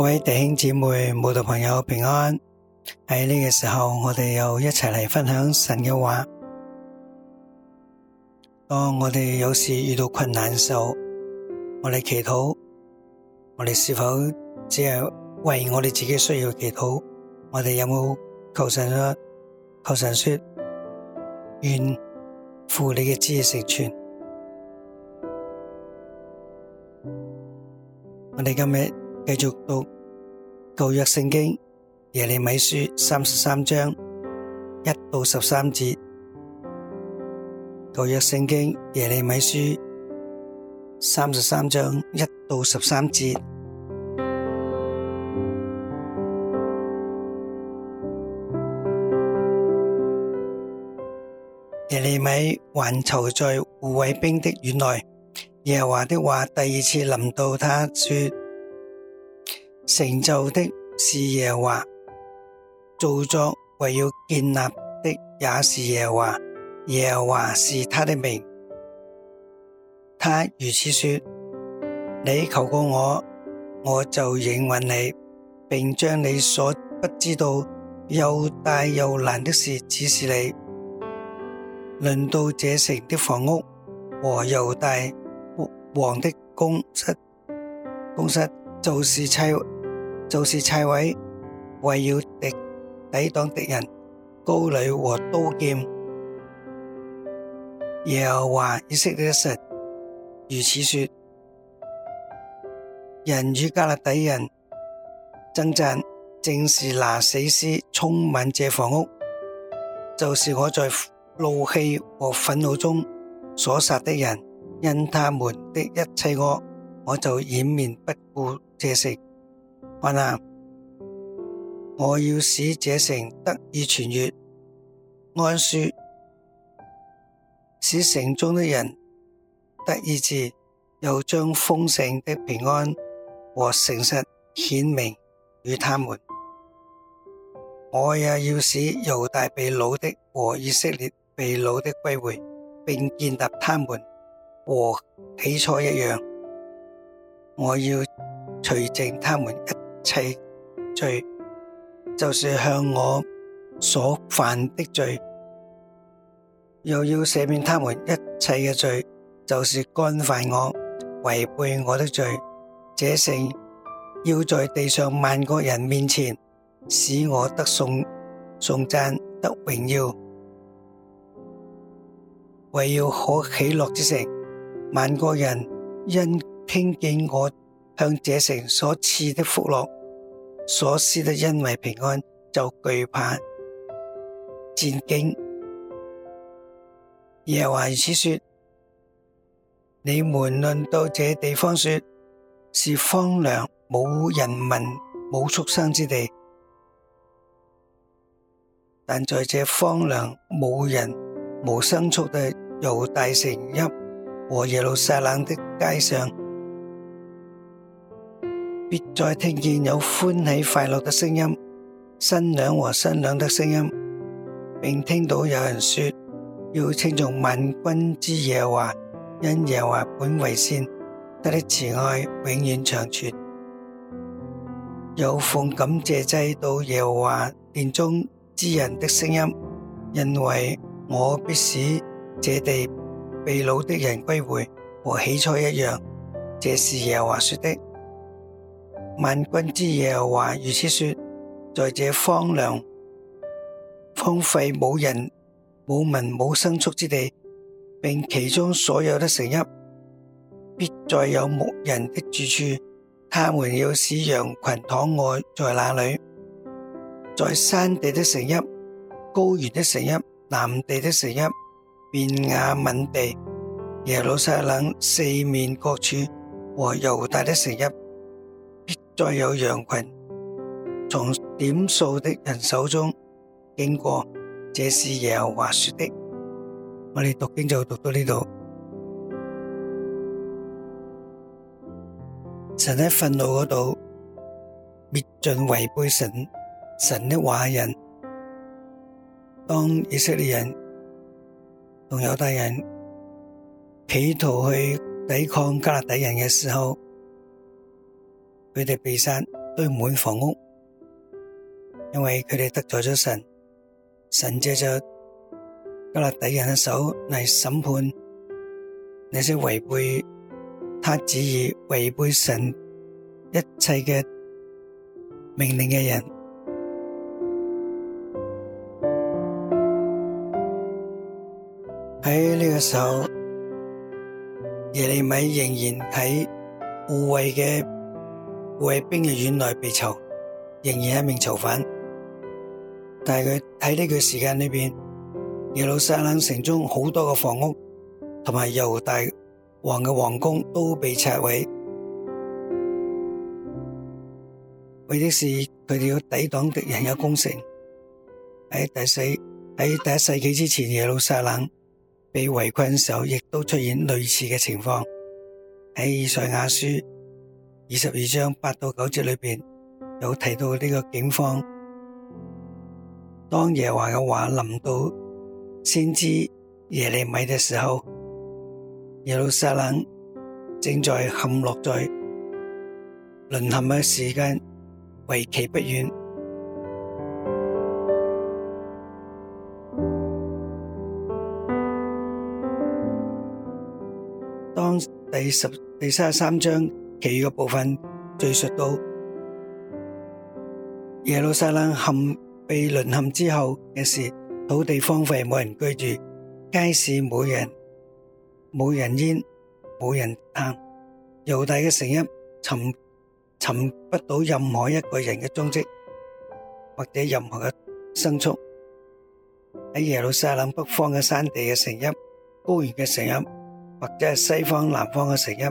各位弟兄姊妹、慕道朋友平安！喺呢個時候，我哋又一齊嚟分享神嘅話。當我哋有時遇到困難嘅時候，我哋祈禱，我哋是否只係為我哋自己需要祈禱？我哋有冇求神說？求神說願父你嘅旨意成全。我哋今日。繼續讀舊約聖經耶利米書三十三章一到十三節。舊約聖經耶利米書三十三章一到十三節。耶利米還囚在護衛兵的院內，耶華的話第二次臨到他說成就的是耶華，做作為要建立的也是耶華，耶華是他的名。他如此說：你求過我，我就應允你，並將你所不知道又大又難的事指示你。輪到這城的房屋和猶大王的宮室，宮室就是砌。就是蔡位敵，為要敵抵擋敵人高壘和刀劍，耶和華以色列的神，如此說。人與加勒底人爭戰，正是拿死屍充滿這房屋，就是我在怒氣和憤怒中所殺的人，因他們的一切惡，我就掩面不顧這食。云啊！我要使這城得以痊癒，安舒，使城中的人得以治，又將豐盛的平安和誠實顯明與他們。我也要使猶大被擄的和以色列被擄的歸回，並建立他們，和起初一樣。我要除淨他們一一切罪，就是向我所犯的罪，又要赦免他們一切嘅罪，就是干犯我、違背我的罪。這城要在地上萬國人面前，使我得頌頌讚得榮耀，為要可喜樂之城，萬國人因聽見我。向這城所賜的福樂，所施的恩惠平安，就懼怕戰驚。耶和華如此說：你們論到這地方說，是荒涼冇人民冇畜生之地，但在這荒涼冇人冇牲畜的猶大城邑和耶路撒冷的街上。別再聽見有歡喜快樂的聲音、新娘和新郎的聲音，並聽到有人說要稱頌萬軍之耶華，因耶華本為善，他的慈愛永遠長存。有奉感謝祭到耶華殿中之人的聲音，因為我必使這地被擄的人歸回，和起初一樣。這是耶華說的。萬軍之耶和華如此說：在這荒涼、荒廢、冇人、冇民、冇牲畜之地，並其中所有的城邑，必再有牧人的住處。他們要使羊群躺臥在那裏。在山地的城邑、高原的城邑、南地的城邑、便雅敏地、耶路撒冷四面各處和猶大的城邑。再有羊群從點數的人手中經過，這是耶和華說的。我哋讀經就讀到呢度。神喺憤怒嗰度滅盡違背神、神的華人。當以色列人同猶大人企圖去抵抗加勒底人嘅時候，佢哋被殺堆滿房屋，因為佢哋得罪咗神，神借咗迦勒底人嘅手嚟審判那些違背他旨意、違背神一切嘅命令嘅人。喺呢個時候，耶利米仍然喺護衛嘅衛兵嘅院內被囚，仍然係一名囚犯。但係佢喺呢個時間裏邊，耶路撒冷城中好多嘅房屋同埋猶大王嘅皇宮都被拆毀，為的是佢哋要抵擋敵人嘅攻城。喺第四喺第一世紀之前，耶路撒冷被圍困嘅時候，亦都出現類似嘅情況。喺以賽亞書。二十二章八到九節裏面有提到呢個警方。當耶和華嘅話臨到先知耶利米嘅時候，耶路撒冷正在陷落，在淪陷嘅時間為期不遠。當第十第三十三章。其餘嘅部分敘述到耶路撒冷陷被淪陷之後嘅事，土地荒廢，冇人居住，街市冇人冇人煙，冇人行，猶大嘅城邑尋尋不到任何一個人嘅蹤跡，或者任何嘅牲畜喺耶路撒冷北方嘅山地嘅城邑、高原嘅城邑，或者係西方、南方嘅城邑。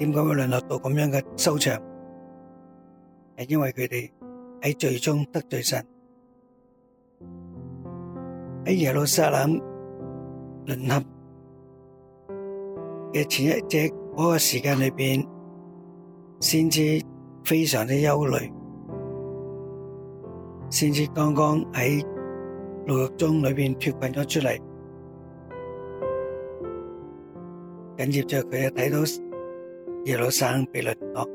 點解會淪落到咁樣嘅收場？係因為佢哋喺罪中得罪神，喺耶路撒冷淪陷嘅前一只嗰個時間裏邊，先至非常之憂慮，先至剛剛喺牢獄中裏邊脫困咗出嚟，緊接着佢又睇到。耶路撒冷被淪落，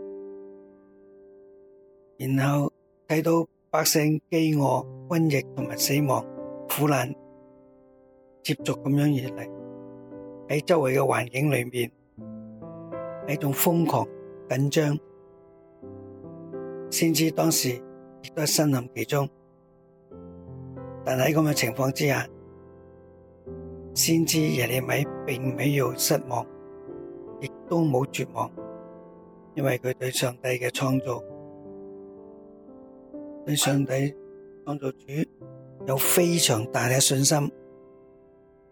然後睇到百姓饑餓、瘟疫同埋死亡、苦難接續咁樣而嚟，喺周圍嘅環境裏面，一種瘋狂緊張，先知當時亦都身陷其中，但喺咁嘅情況之下，先知耶利米並沒有失望。都冇絕望，因為佢對上帝嘅創造，對上帝創造主有非常大嘅信心。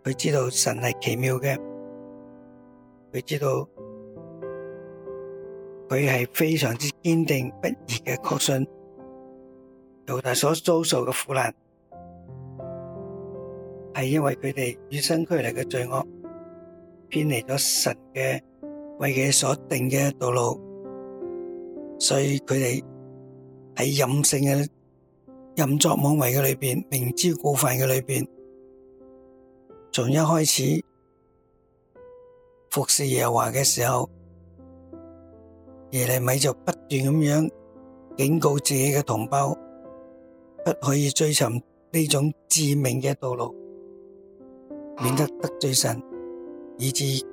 佢知道神係奇妙嘅，佢知道佢係非常之堅定不移嘅確信。猶大所遭受嘅苦難，係因為佢哋與生俱嚟嘅罪惡偏離咗神嘅。為佢所定嘅道路，所以佢哋喺任性嘅任作妄為嘅裏邊，明知故犯嘅裏邊，從一開始服侍耶和華嘅時候，耶利米就不斷咁樣警告自己嘅同胞，不可以追尋呢種致命嘅道路，免得得罪神，以致。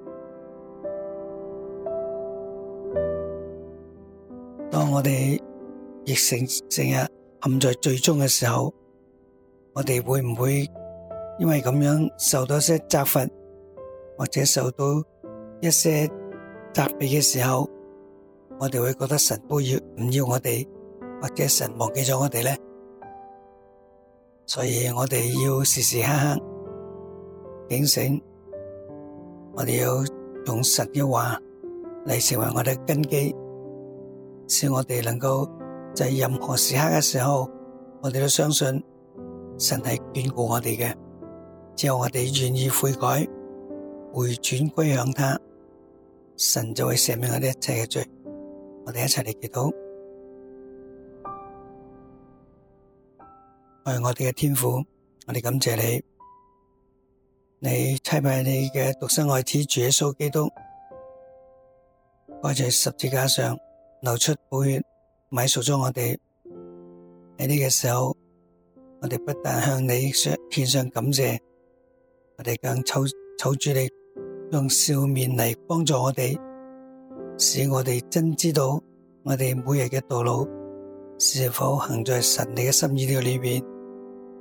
我哋亦成成日陷在最終嘅時候，我哋會唔會因為咁樣受到一些責罰，或者受到一些責備嘅時候，我哋會覺得神都要唔要我哋，或者神忘記咗我哋呢？所以我哋要時時刻刻警醒，我哋要用神嘅話嚟成為我哋嘅根基。使我哋能夠在任何時刻嘅時候，我哋都相信神係眷顧我哋嘅。只要我哋願意悔改、回轉歸向他，神就會赦免我哋一切嘅罪。我哋一齊嚟祈禱，愛我哋嘅天父，我哋感謝你，你差派你嘅獨生愛子主耶穌基督，愛在十字架上。流出寶血，買贖咗我哋。喺呢個時候，我哋不但向你上獻上感謝，我哋更求求主你用笑面嚟幫助我哋，使我哋真知道我哋每日嘅道路是否行在神你嘅心意裏邊。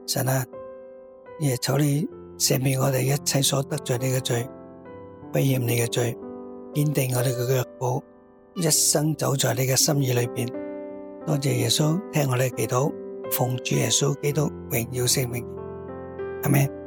神啊，也求你赦免我哋一切所得罪你嘅罪，不認你嘅罪，堅定我哋嘅腳步。一生走在你嘅心意裏邊，多謝耶穌聽我哋祈禱，奉主耶穌基督榮耀聖名，阿門。